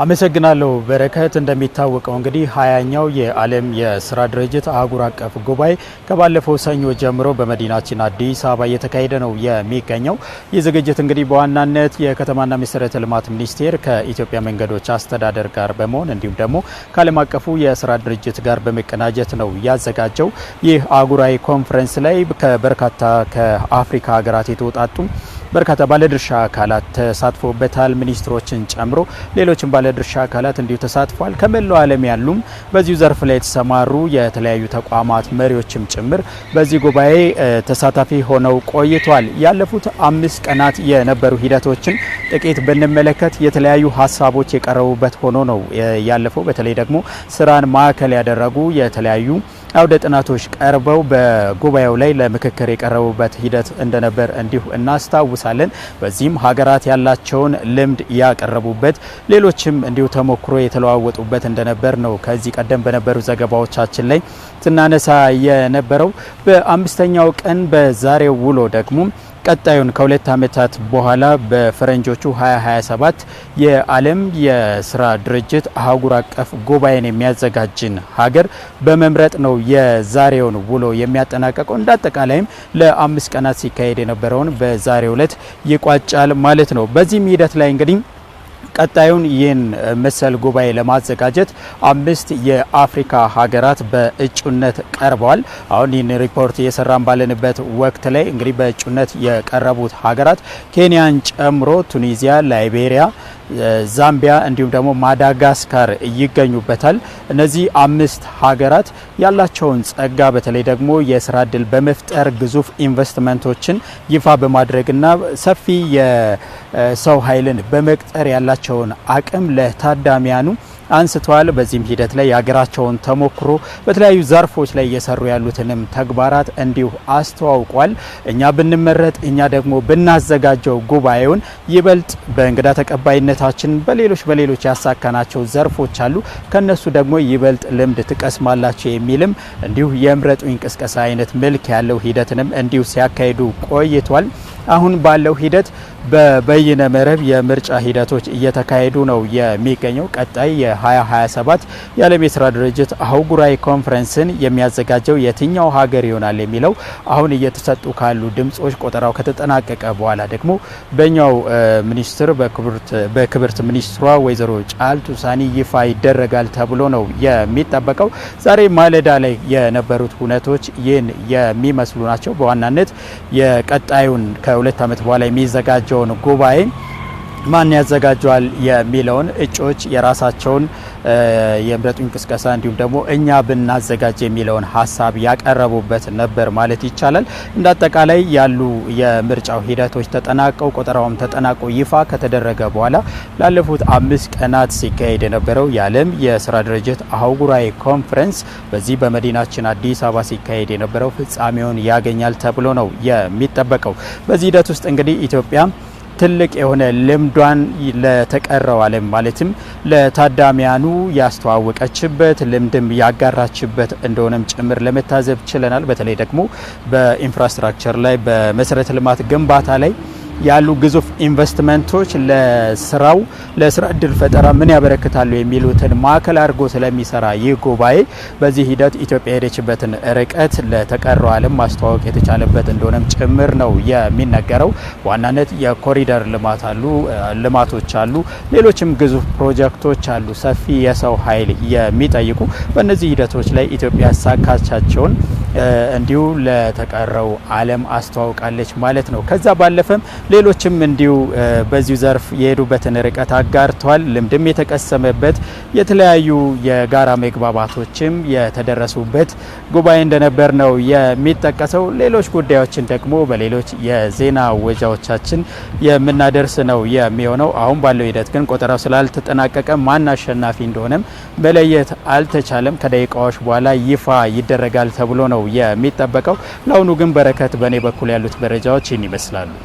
አመሰግናለሁ በረከት። እንደሚታወቀው እንግዲህ ሀያኛው የዓለም የስራ ድርጅት አህጉር አቀፍ ጉባኤ ከባለፈው ሰኞ ጀምሮ በመዲናችን አዲስ አበባ እየተካሄደ ነው የሚገኘው። ይህ ዝግጅት እንግዲህ በዋናነት የከተማና መሰረተ ልማት ሚኒስቴር ከኢትዮጵያ መንገዶች አስተዳደር ጋር በመሆን እንዲሁም ደግሞ ከዓለም አቀፉ የስራ ድርጅት ጋር በመቀናጀት ነው ያዘጋጀው። ይህ አህጉራዊ ኮንፈረንስ ላይ ከበርካታ ከአፍሪካ ሀገራት የተውጣጡ በርካታ ባለድርሻ አካላት ተሳትፎበታል። ሚኒስትሮችን ጨምሮ ሌሎችም ባለድርሻ አካላት እንዲሁ ተሳትፏል። ከመላው ዓለም ያሉም በዚሁ ዘርፍ ላይ የተሰማሩ የተለያዩ ተቋማት መሪዎችም ጭምር በዚህ ጉባኤ ተሳታፊ ሆነው ቆይቷል። ያለፉት አምስት ቀናት የነበሩ ሂደቶችን ጥቂት ብንመለከት የተለያዩ ሀሳቦች የቀረቡበት ሆኖ ነው ያለፈው። በተለይ ደግሞ ስራን ማዕከል ያደረጉ የተለያዩ አውደ ጥናቶች ቀርበው በጉባኤው ላይ ለምክክር የቀረቡበት ሂደት እንደነበር እንዲሁ እናስታውሳለን። በዚህም ሀገራት ያላቸውን ልምድ ያቀረቡበት፣ ሌሎችም እንዲሁ ተሞክሮ የተለዋወጡበት እንደነበር ነው ከዚህ ቀደም በነበሩ ዘገባዎቻችን ላይ ስናነሳ የነበረው። በአምስተኛው ቀን በዛሬው ውሎ ደግሞ ቀጣዩን ከሁለት ዓመታት በኋላ በፈረንጆቹ 2027 የዓለም የስራ ድርጅት አህጉር አቀፍ ጉባኤን የሚያዘጋጅን ሀገር በመምረጥ ነው የዛሬውን ውሎ የሚያጠናቀቀው። እንዳጠቃላይም ለአምስት ቀናት ሲካሄድ የነበረውን በዛሬው ዕለት ይቋጫል ማለት ነው። በዚህም ሂደት ላይ እንግዲህ ቀጣዩን ይህን መሰል ጉባኤ ለማዘጋጀት አምስት የአፍሪካ ሀገራት በእጩነት ቀርበዋል። አሁን ይህን ሪፖርት እየሰራን ባለንበት ወቅት ላይ እንግዲህ በእጩነት የቀረቡት ሀገራት ኬንያን ጨምሮ ቱኒዚያ፣ ላይቤሪያ ዛምቢያ እንዲሁም ደግሞ ማዳጋስካር ይገኙበታል። እነዚህ አምስት ሀገራት ያላቸውን ጸጋ በተለይ ደግሞ የስራ እድል በመፍጠር ግዙፍ ኢንቨስትመንቶችን ይፋ በማድረግና ሰፊ የሰው ኃይልን በመቅጠር ያላቸውን አቅም ለታዳሚያኑ አንስተዋል። በዚህም ሂደት ላይ የሀገራቸውን ተሞክሮ በተለያዩ ዘርፎች ላይ እየሰሩ ያሉትንም ተግባራት እንዲሁ አስተዋውቋል። እኛ ብንመረጥ እኛ ደግሞ ብናዘጋጀው ጉባኤውን ይበልጥ በእንግዳ ተቀባይነታችን በሌሎች በሌሎች ያሳካናቸው ዘርፎች አሉ ከነሱ ደግሞ ይበልጥ ልምድ ትቀስማላቸው የሚልም እንዲሁ የምረጡ እንቅስቀሳ አይነት መልክ ያለው ሂደትንም እንዲሁ ሲያካሂዱ ቆይቷል። አሁን ባለው ሂደት በበይነ መረብ የምርጫ ሂደቶች እየተካሄዱ ነው የሚገኘው። ቀጣይ የ2027 የዓለም የስራ ድርጅት አህጉራዊ ኮንፈረንስን የሚያዘጋጀው የትኛው ሀገር ይሆናል የሚለው አሁን እየተሰጡ ካሉ ድምጾች ቆጠራው ከተጠናቀቀ በኋላ ደግሞ በኛው ሚኒስትር በክብርት ሚኒስትሯ ወይዘሮ ጫልቱ ሳኒ ይፋ ይደረጋል ተብሎ ነው የሚጠበቀው። ዛሬ ማለዳ ላይ የነበሩት ሁነቶች ይህን የሚመስሉ ናቸው። በዋናነት የቀጣዩን ከሁለት ዓመት በኋላ የሚዘጋጀ የሚያዘጋጀውን ጉባኤ ማን ያዘጋጀዋል የሚለውን እጩዎች የራሳቸውን የምረጡኝ ቅስቀሳ እንዲሁም ደግሞ እኛ ብናዘጋጅ የሚለውን ሀሳብ ያቀረቡበት ነበር ማለት ይቻላል። እንደ አጠቃላይ ያሉ የምርጫው ሂደቶች ተጠናቀው ቆጠራውም ተጠናቆ ይፋ ከተደረገ በኋላ ላለፉት አምስት ቀናት ሲካሄድ የነበረው የዓለም የስራ ድርጅት አህጉራዊ ኮንፈረንስ በዚህ በመዲናችን አዲስ አበባ ሲካሄድ የነበረው ፍጻሜውን ያገኛል ተብሎ ነው የሚጠበቀው። በዚህ ሂደት ውስጥ እንግዲህ ኢትዮጵያ ትልቅ የሆነ ልምዷን ለተቀረው ዓለም ማለትም ለታዳሚያኑ ያስተዋወቀችበት ልምድም ያጋራችበት እንደሆነም ጭምር ለመታዘብ ችለናል። በተለይ ደግሞ በኢንፍራስትራክቸር ላይ በመሰረተ ልማት ግንባታ ላይ ያሉ ግዙፍ ኢንቨስትመንቶች ለስራው ለስራ እድል ፈጠራ ምን ያበረክታሉ የሚሉትን ማዕከል አድርጎ ስለሚሰራ ይህ ጉባኤ በዚህ ሂደት ኢትዮጵያ የሄደችበትን ርቀት ለተቀረው ዓለም ማስተዋወቅ የተቻለበት እንደሆነም ጭምር ነው የሚነገረው። በዋናነት የኮሪደር ልማት አሉ ልማቶች አሉ፣ ሌሎችም ግዙፍ ፕሮጀክቶች አሉ፣ ሰፊ የሰው ኃይል የሚጠይቁ በእነዚህ ሂደቶች ላይ ኢትዮጵያ ያሳካቻቸውን እንዲሁ ለተቀረው ዓለም አስተዋውቃለች ማለት ነው። ከዛ ባለፈም ሌሎችም እንዲሁ በዚሁ ዘርፍ የሄዱበትን ርቀት አጋርተዋል። ልምድም የተቀሰመበት የተለያዩ የጋራ መግባባቶችም የተደረሱበት ጉባኤ እንደነበር ነው የሚጠቀሰው። ሌሎች ጉዳዮችን ደግሞ በሌሎች የዜና ወጃዎቻችን የምናደርስ ነው የሚሆነው። አሁን ባለው ሂደት ግን ቆጠራው ስላልተጠናቀቀ ማን አሸናፊ እንደሆነም መለየት አልተቻለም። ከደቂቃዎች በኋላ ይፋ ይደረጋል ተብሎ ነው ነው የሚጠበቀው። ለአሁኑ ግን በረከት፣ በእኔ በኩል ያሉት መረጃዎች ይህን ይመስላሉ።